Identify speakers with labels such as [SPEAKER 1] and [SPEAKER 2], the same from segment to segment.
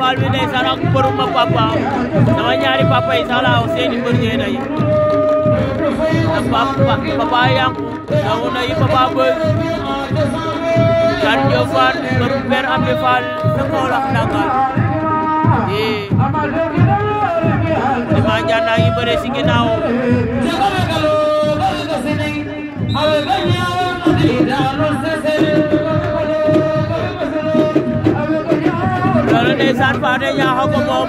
[SPEAKER 1] Faru dai sarak kurma papa namanya hari papa isala Hussein Burjena ya Papa Yankou nangu na yi Papa Boy Thiatou Diofane kër Père Abdou Fall sa Kaolack Ndakaaru ee Liman Ndiane naa ngi bëre si ginnaaw loolu ndeysaan Fane ñaaxa ko moom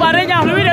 [SPEAKER 1] बारे जान बि ॾे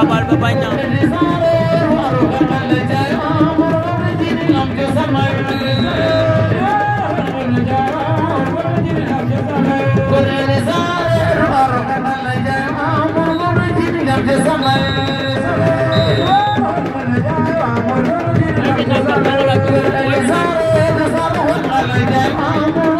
[SPEAKER 1] kabar bapaknya. Let's go, let's go, let's go, let's go, let's go,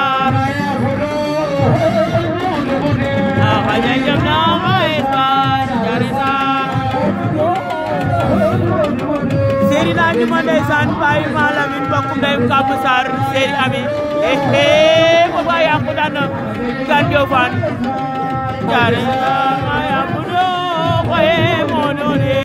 [SPEAKER 1] bi ma ndeysaan bàyyi ma Lamin bokk ndeyam Kàmb Sarr Sey Ami eh, eh booba yàqu daan na Gane Diofane jaare ma yàqu doo xooye moo doone